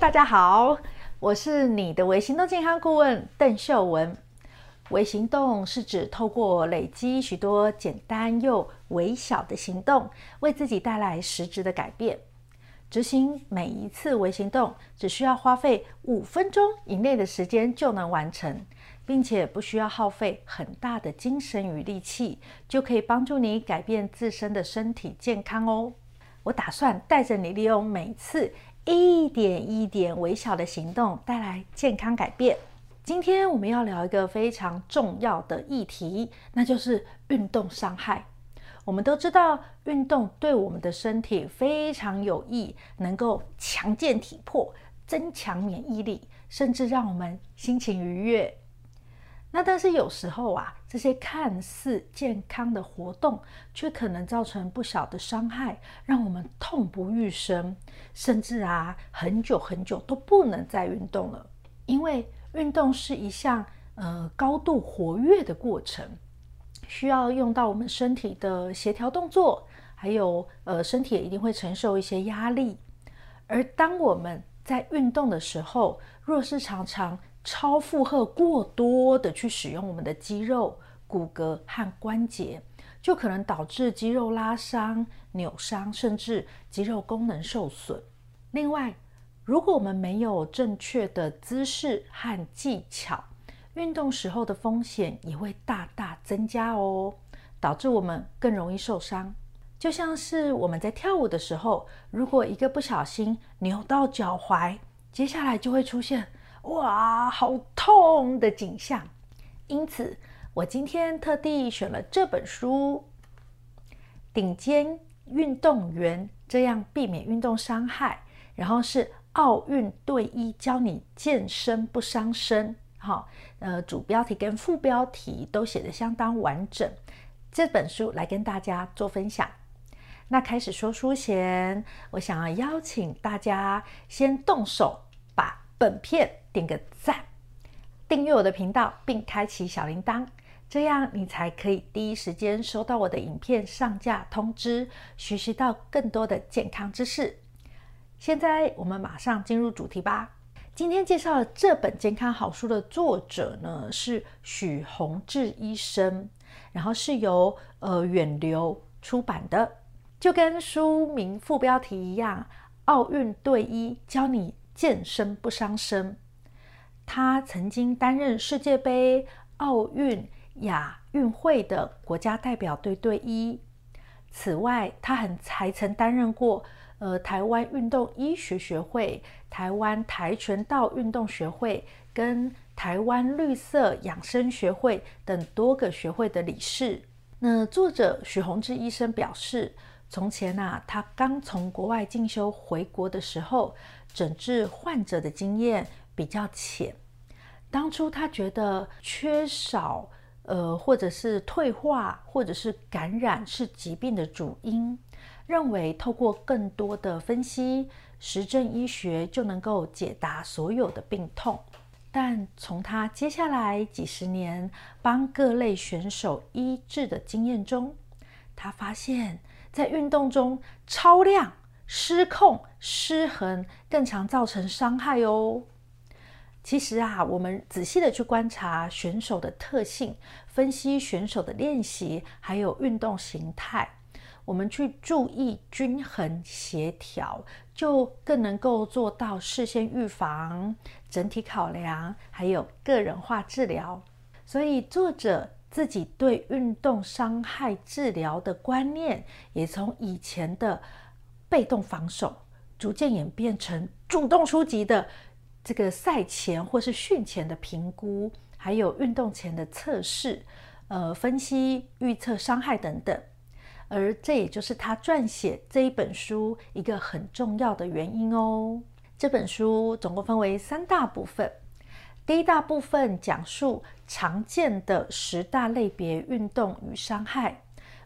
大家好，我是你的微行動健康顧問鄧琇文。微行動是指透過累積許多簡單又微小的行動，為自己帶來實質的改變。執行每一次微行動，只需要花費五分鐘以內的時間就能完成，並且不需要耗費很大的精神與力氣，就可以幫助你改變自身的身體健康哦。我打算帶着你利用每次。一點一點微小的行動帶來健康改變。今天我們要聊一個非常重要的議題，那就是運動傷害。我們都知道，運動對我們的身體非常有益，能夠強健體魄、增強免疫力，甚至讓我們心情愉悅。那但是有時候啊，這些看似健康的活動，卻可能造成不小的傷害，讓我們痛不欲生，甚至啊，很久很久都不能再運動了。因為運動是一項呃高度活躍的過程，需要用到我們身體的協調動作，還有呃身體也一定會承受一些壓力。而當我們在運動的時候，若是常常超負荷過多的去使用我們的肌肉、骨骼和關節，就可能導致肌肉拉傷、扭傷，甚至肌肉功能受損。另外，如果我們沒有正確的姿勢和技巧，運動時候的風險也會大大增加哦，導致我們更容易受傷。就像是我們在跳舞的時候，如果一個不小心扭到腳踝，接下來就會出現。哇，好痛的景象！因此，我今天特地選了這本書，《頂尖運動員這樣避免運動傷害》，然後是《奧運隊醫教你健身不傷身》哦。好，呃，主標題跟副標題都寫得相當完整。這本書來跟大家做分享。那開始說書前，我想要邀請大家先動手把本片。點個讚，訂閱我的頻道，並開啟小鈴鐺，這樣你才可以第一時間收到我的影片上架通知，學習到更多的健康知識。現在我們馬上進入主題吧。今天介紹的這本健康好書的作者呢是許宏志醫生，然後是由呃遠流出版的，就跟書名副標題一樣，《奧運隊醫教你健身不傷身》。他曾經擔任世界杯、奧運、亞運會等國家代表隊隊醫。此外，他還曾擔任過呃台灣運動醫學學會、台灣跆拳道運動學會跟台灣綠色養生學會等多個學會的理事。那作者許宏志醫生表示，從前吶、啊，他剛從國外進修回國的時候，診治患者的經驗。比較淺。當初他覺得缺少、呃，或者是退化，或者是感染是疾病的主因，認為透過更多的分析、實證醫學就能夠解答所有的病痛。但從他接下來幾十年幫各類選手醫治的經驗中，他發現，在運動中超量、失控、失衡更常造成傷害哦。其實啊，我們仔細的去觀察選手的特性，分析選手的練習，還有運動形態，我們去注意均衡協調，就更能夠做到事先預防、整體考量，還有個人化治療。所以作者自己對運動傷害治療的觀念，也從以前的被動防守，逐漸演變成主動出擊的。這個賽前或是訓前的評估，還有運動前的測試，呃，分析、預測傷害等等，而這也就是他撰寫這一本書一個很重要的原因哦。這本書總共分為三大部分，第一大部分講述常見的十大類別運動與傷害，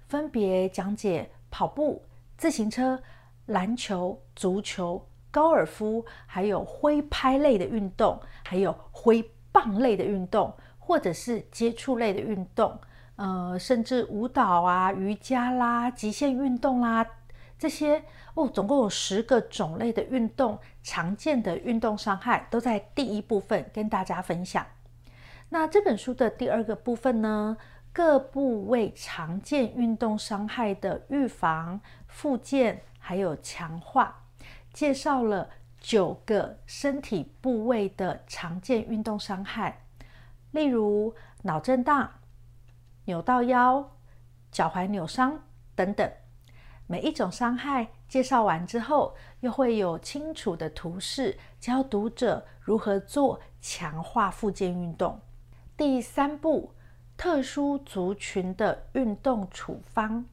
分別講解跑步、自行車、籃球、足球。高爾夫，還有揮拍類的運動，還有揮棒類的運動，或者是接觸類的運動，呃，甚至舞蹈啊、瑜伽啦、極限運動啦，這些哦，總共有十個種類的運動，常見的運動傷害都在第一部分跟大家分享。那這本書的第二個部分呢，各部位常見運動傷害的預防、復健還有強化。介紹了九個身體部位的常見運動傷害，例如腦震盪、扭到腰、腳踝扭傷等等。每一種傷害介紹完之後，又會有清楚的圖示，教讀者如何做強化復健運動。第三步，特殊族群的運動處方。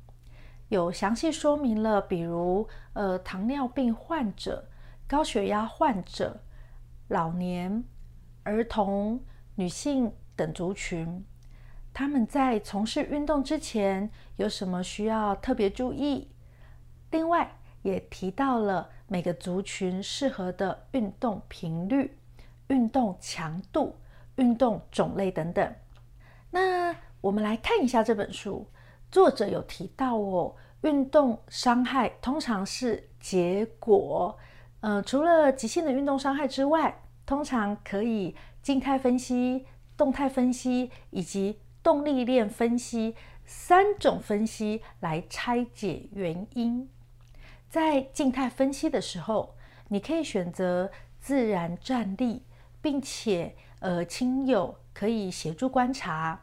有詳細說明了，比如呃糖尿病患者、高血壓患者、老年、兒童、女性等族群，他們在從事運動之前有什麼需要特別注意？另外也提到了每個族群適合的運動頻率、運動強度、運動種類等等。那我們來看一下這本書，作者有提到哦。運動傷害通常是結果。呃，除了急性的運動傷害之外，通常可以靜態分析、動態分析以及動力鏈分析三種分析來拆解原因。在靜態分析的時候，你可以選擇自然站立，並且呃親友可以協助觀察，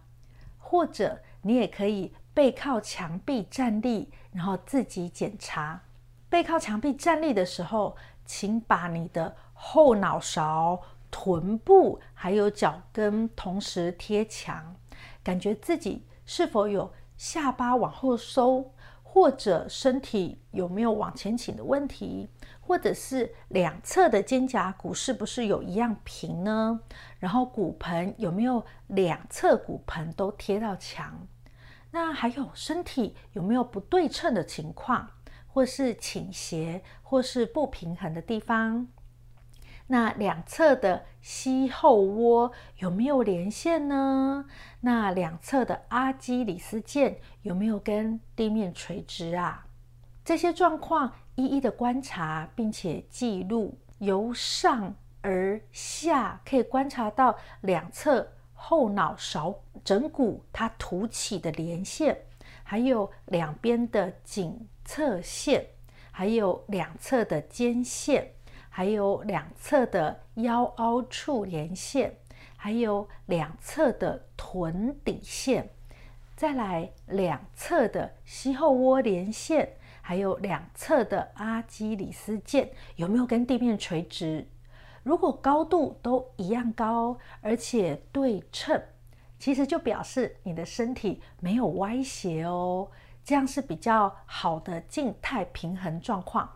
或者你也可以背靠牆壁站立。然後自己檢查，背靠牆壁站立的時候，請把你的後腦勺、臀部還有腳跟同時貼牆，感覺自己是否有下巴往後收，或者身體有沒有往前傾的問題，或者是兩側的肩胛骨是不是有一樣平呢？然後骨盆有沒有兩側骨盆都貼到牆？那還有身體有沒有不對稱的情況，或是傾斜，或是不平衡的地方？那兩側的膝後窩有沒有連線呢？那兩側的阿基里斯腱有沒有跟地面垂直啊？這些狀況一一的觀察，並且記錄，由上而下可以觀察到兩側。後腦勺枕骨它凸起的連線，還有兩邊的頸側線，還有兩側的肩線，還有兩側的腰凹處連線，還有兩側的臀底線，底線再來兩側的膝後窩連線，還有兩側的阿基里斯腱，有沒有跟地面垂直？如果高度都一樣高，而且對稱，其實就表示你的身體沒有歪斜哦，這樣是比較好的靜態平衡狀況。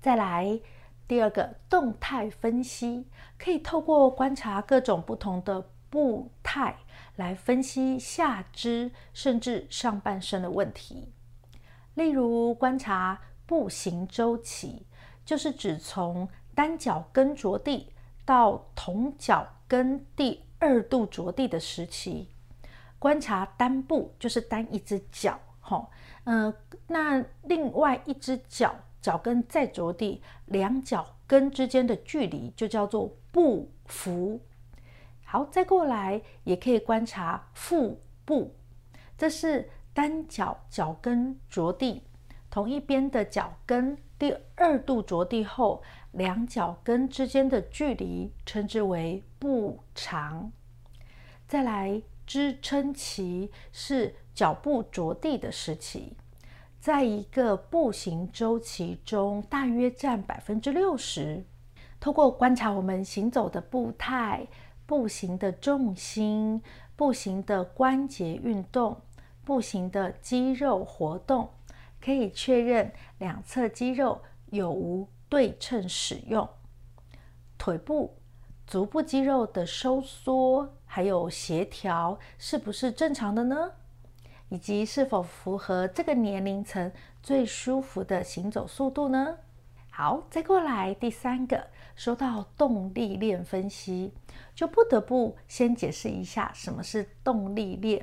再來，第二個動態分析，可以透過觀察各種不同的步態來分析下肢甚至上半身的問題，例如觀察步行周期，就是指從。單腳跟着地到同腳跟第二度着地的時期，觀察單步，就是單一只腳，哈，呃，那另外一只腳腳跟再着地，兩腳跟之間的距離就叫做步幅。好，再過來也可以觀察複步，這是單腳腳跟着地，同一邊的腳跟。第二度着地後，兩腳跟之間的距離稱之為步長。再來支撐期，是腳步着地的時期，在一個步行週期中，大約佔百分之六十。透過觀察我們行走的步態、步行的重心、步行的關節運動、步行的肌肉活動。可以確認兩側肌肉有無對稱使用，腿部、足部肌肉的收縮還有協調是不是正常的呢？以及是否符合這個年齡層最舒服的行走速度呢？好，再過來第三個，說到動力鏈分析，就不得不先解釋一下什麼是動力鏈。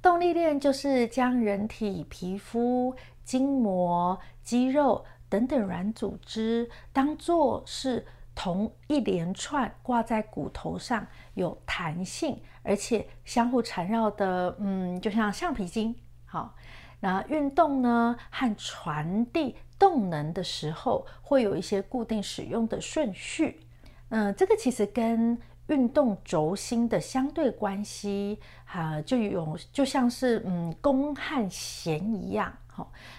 動力鏈就是將人體皮膚筋膜、肌肉等等軟組織，當做是同一連串掛在骨頭上，有彈性，而且相互纏繞的，嗯，就像橡皮筋。好，那運動呢和傳遞動能的時候，會有一些固定使用的順序。嗯，這個其實跟運動軸心的相對關係，哈、呃，就有就像是嗯弓和弦一樣。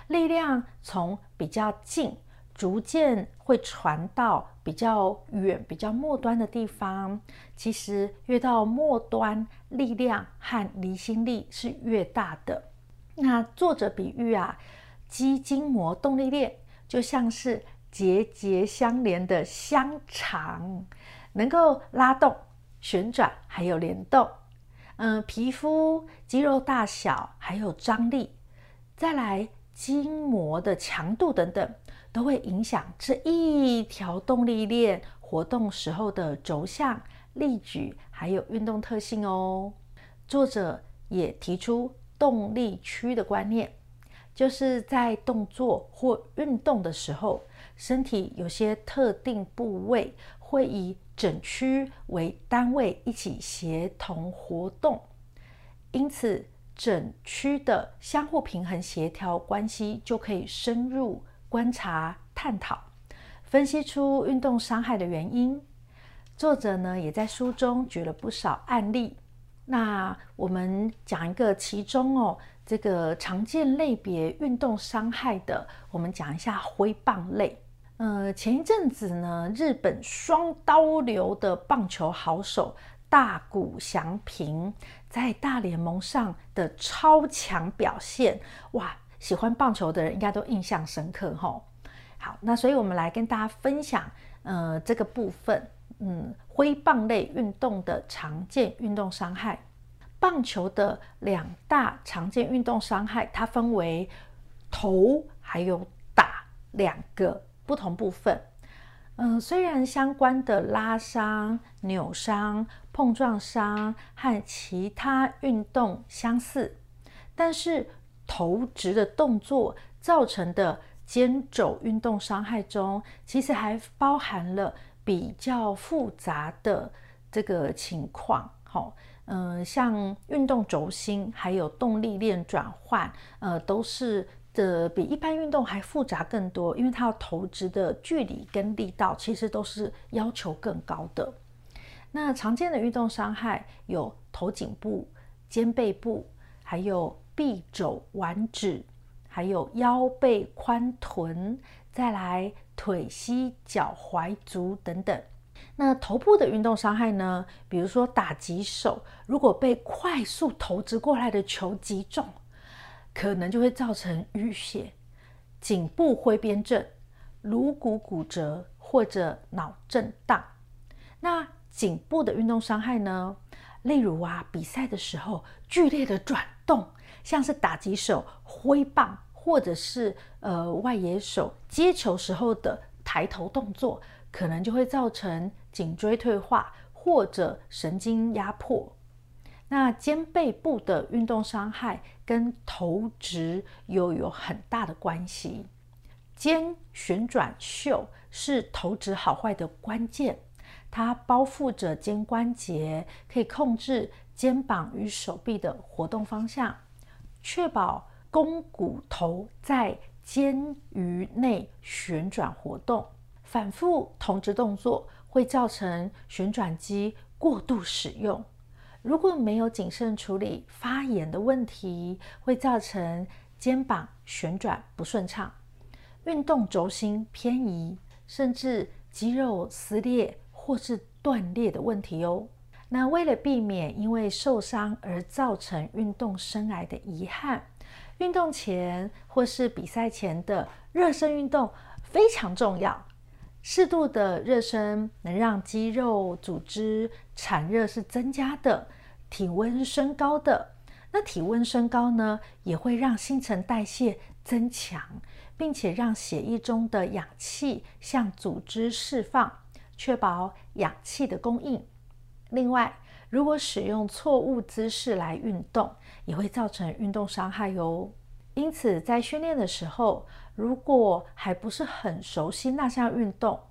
力量從比較近，逐漸會傳到比較遠、比較末端的地方。其實越到末端，力量和離心力是越大的。那作者比喻啊，肌筋膜動力鏈就像是節節相連的香腸，能夠拉動、旋轉還有聯動。嗯，皮膚、肌肉大小還有張力。再來，筋膜的強度等等，都會影響這一條動力鏈活動時候的軸向力矩，還有運動特性哦。作者也提出動力區的觀念，就是在動作或運動的時候，身體有些特定部位會以整區為單位一起協同活動，因此。整區的相互平衡協調關係就可以深入觀察、探討、分析出運動傷害的原因。作者呢也在書中舉了不少案例。那我們講一個其中哦，這個常見類別運動傷害的，我們講一下揮棒類。呃，前一陣子呢，日本雙刀流的棒球好手。大谷翔平在大聯盟上的超強表現，哇！喜歡棒球的人應該都印象深刻哈、哦。好，那所以我們來跟大家分享，呃，這個部分，嗯，揮棒類運動的常見運動傷害，棒球的兩大常見運動傷害，它分為投還有打兩個不同部分。嗯，雖然相關的拉傷、扭傷、碰撞傷和其他運動相似，但是投擲的動作造成的肩肘運動傷害中，其實還包含了比較複雜的這個情況。好，嗯，像運動軸心還有動力鏈轉換，呃、嗯，都是。的比一般運動還複雜更多，因為它要投擲的距離跟力道，其實都是要求更高的。那常見的運動傷害有頭頸部、肩背部，還有臂肘腕指，還有腰背髖臀，再來腿膝腳踝足等等。那頭部的運動傷害呢？比如說打擊手，如果被快速投擲過來的球擊中。可能就會造成淤血、頸部揮鞭症、顱骨骨折或者腦震盪。那頸部的運動傷害呢？例如啊，比賽的時候劇烈的轉動，像是打擊手揮棒或者是呃外野手接球時候的抬頭動作，可能就會造成頸椎退化或者神經壓迫。那肩背部的運動傷害跟投擲，又有有很大的關係。肩旋轉袖是投擲好壞的關鍵，它包覆着肩關節，可以控制肩膀與手臂的活動方向，確保肱骨頭在肩盂內旋轉活動。反覆投擲動作會造成旋轉肌過度使用。如果沒有謹慎處理發炎的問題，會造成肩膀旋轉不順暢、運動軸心偏移，甚至肌肉撕裂或是斷裂的問題哦。那為了避免因為受傷而造成運動生涯的遺憾，運動前或是比賽前的熱身運動非常重要。適度的熱身能讓肌肉組織，產熱是增加的，體溫升高的，那體溫升高呢，也會讓新陳代謝增強，並且讓血液中的氧氣向組織釋放，確保氧氣的供應。另外，如果使用錯誤姿勢來運動，也會造成運動傷害喲。因此，在訓練的時候，如果還不是很熟悉那項運動，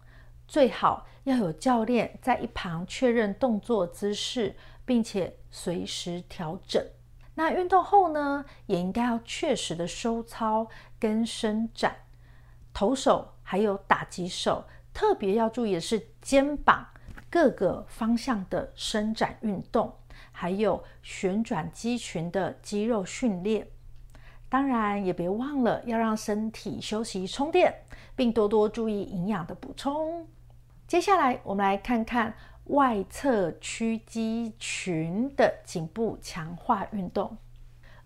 最好要有教練在一旁確認動作姿勢，並且隨時調整。那運動後呢，也應該要確實的收操跟伸展。投手還有打擊手，特別要注意的是肩膀各個方向的伸展運動，還有旋轉肌群的肌肉訓練。當然，也別忘了要讓身體休息充電，並多多注意營養的補充。接下來，我們來看看外側屈肌群的頸部強化運動。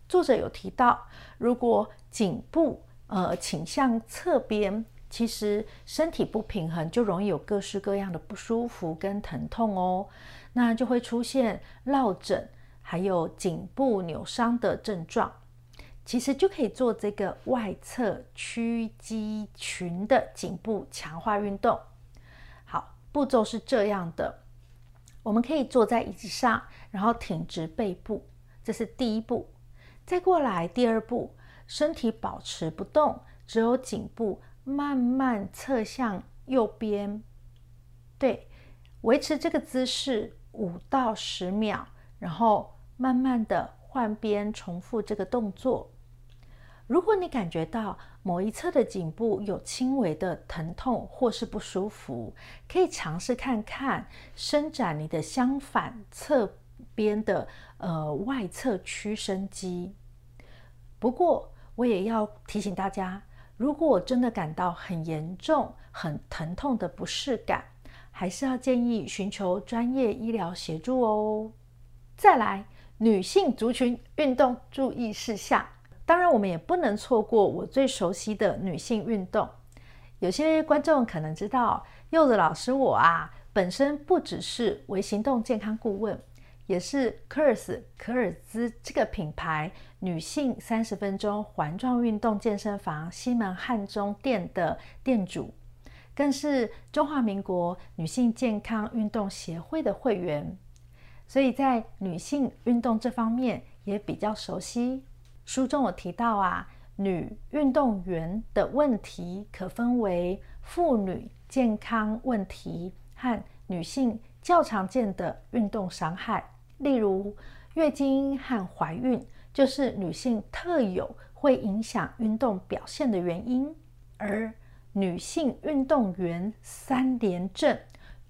作者有提到，如果頸部呃傾向側邊，其實身體不平衡就容易有各式各樣的不舒服跟疼痛哦。那就會出現落枕，還有頸部扭傷的症狀。其實就可以做這個外側屈肌群的頸部強化運動。步驟是這樣的：我們可以坐在椅子上，然後挺直背部，這是第一步。再過來，第二步，身體保持不動，只有頸部慢慢側向右邊。對，維持這個姿勢五到十秒，然後慢慢的換邊，重複這個動作。如果你感覺到某一側的頸部有輕微的疼痛或是不舒服，可以嘗試看看伸展你的相反側邊的呃外側屈伸肌。不過，我也要提醒大家，如果真的感到很嚴重、很疼痛的不適感，還是要建議尋求專業醫療協助哦。再來，女性族群運動注意事項。當然，我們也不能錯過我最熟悉的女性運動。有些觀眾可能知道，柚子老師我啊，本身不只是微行動健康顧問，也是 Curves 可爾姿這個品牌女性三十分鐘環狀運動健身房西門漢中店的店主，更是中華民國女性健康運動協會的會員，所以在女性運動這方面也比較熟悉。書中有提到啊，女運動員的問題可分為婦女健康問題和女性較常見的運動傷害，例如月經和懷孕，就是女性特有會影響運動表現的原因。而女性運動員三聯症，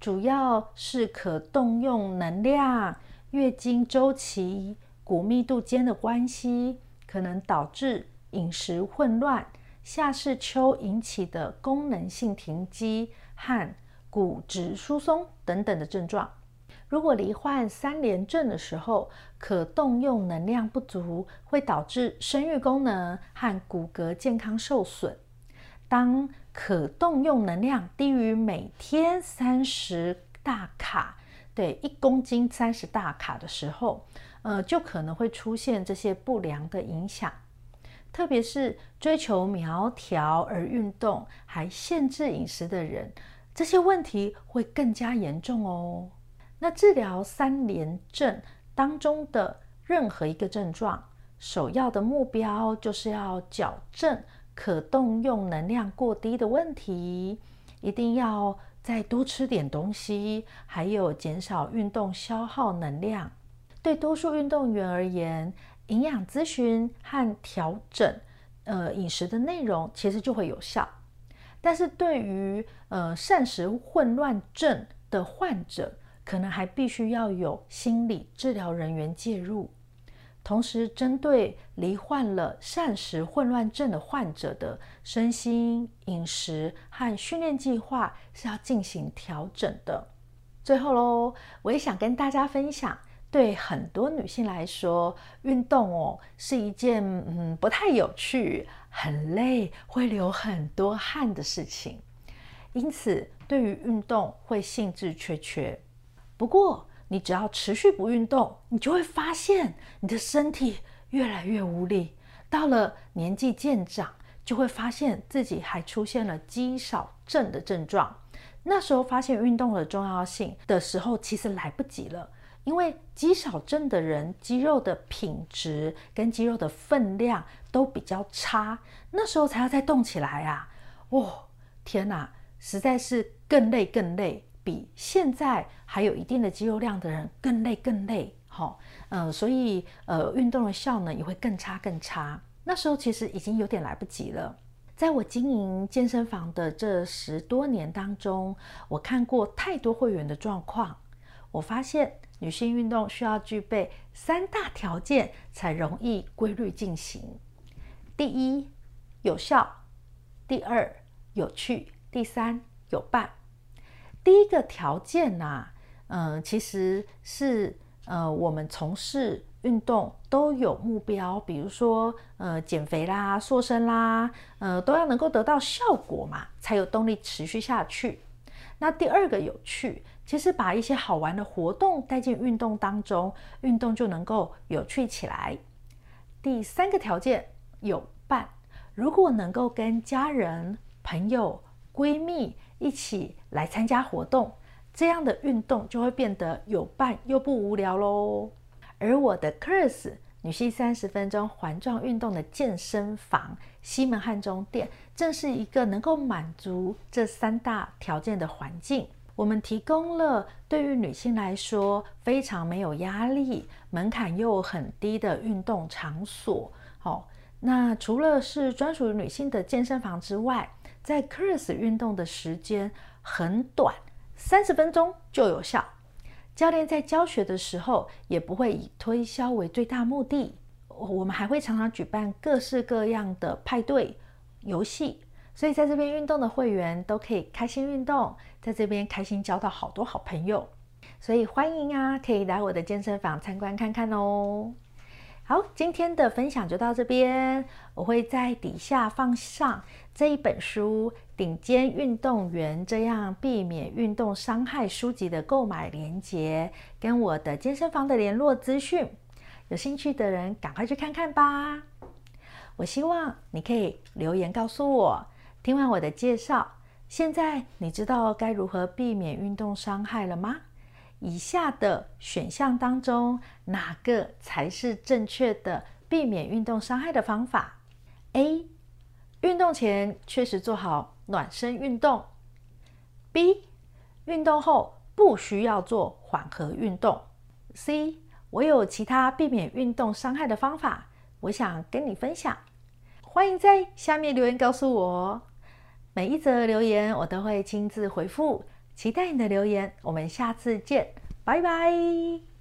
主要是可動用能量、月經週期、骨密度間的關係。可能導致飲食混亂、下視丘引起的功能性停經和骨質疏鬆等等的症狀。如果罹患三聯症的時候，可動用能量不足會導致生育功能和骨骼健康受損。當可動用能量低於每天三十大卡，對一公斤三十大卡的時候。呃，就可能會出現這些不良的影響，特別是追求苗條而運動還限制飲食的人，這些問題會更加嚴重哦。那治療三聯症當中的任何一個症狀，首要的目標就是要矯正可動用能量過低的問題，一定要再多吃點東西，還有減少運動消耗能量。對多數運動員而言，營養諮詢和調整，呃，飲食的內容其實就會有效。但是對於呃，膳食混亂症的患者，可能還必須要有心理治療人員介入。同時，針對罹患了膳食混亂症的患者的身心、飲食和訓練計劃是要進行調整的。最後嘍，我也想跟大家分享。對很多女性來說，運動哦是一件嗯不太有趣、很累、會流很多汗的事情。因此，對於運動會興致缺缺。不過，你只要持續不運動，你就會發現你的身體越來越無力。到了年紀漸長，就會發現自己還出現了肌少症的症狀。那時候發現運動的重要性的時候，其實來不及了。因為肌少症的人，肌肉的品質跟肌肉的分量都比較差，那時候才要再動起來啊！哇、哦，天哪，實在是更累更累，比現在還有一定的肌肉量的人更累更累，哈、哦，嗯、呃，所以呃，運動的效能也會更差更差。那時候其實已經有點來不及了。在我經營健身房的這十多年當中，我看過太多會員的狀況。我發現女性運動需要具備三大條件才容易規律進行：第一，有效；第二，有趣；第三，有伴。第一個條件呢、啊，嗯、呃，其實是呃，我們從事運動都有目標，比如說呃，減肥啦、塑身啦，呃，都要能夠得到效果嘛，才有動力持續下去。那第二個有趣。其實把一些好玩的活動帶進運動當中，運動就能夠有趣起來。第三個條件，有伴，如果能夠跟家人、朋友、閨蜜一起來參加活動，這樣的運動就會變得有伴又不無聊嘍。而我的 Curves 女性三十分鐘環狀運動的健身房西門漢中店，正是一個能夠滿足這三大條件的環境。我們提供了對於女性來說非常沒有壓力、門檻又很低的運動場所。哦，那除了是專屬於女性的健身房之外，在 Curves 運動的時間很短，三十分鐘就有效。教練在教學的時候也不會以推銷為最大目的。我們還會常常舉辦各式各樣的派對、遊戲。所以在這邊運動的會員都可以開心運動，在這邊開心交到好多好朋友，所以歡迎啊，可以來我的健身房參觀看看哦、喔。好，今天的分享就到這邊，我會在底下放上這一本書《頂尖運動員這樣避免運動傷害》書籍的購買連結，跟我的健身房的聯絡資訊，有興趣的人趕快去看看吧。我希望你可以留言告訴我。聽完我的介紹，現在你知道該如何避免運動傷害了嗎？以下的選項當中，哪個才是正確的避免運動傷害的方法？A. 運動前確實做好暖身運動。B. 運動後不需要做緩和運動。C. 我有其他避免運動傷害的方法，我想跟你分享。歡迎在下面留言告訴我。每一則留言我都會親自回覆，期待你的留言，我們下次見，拜拜。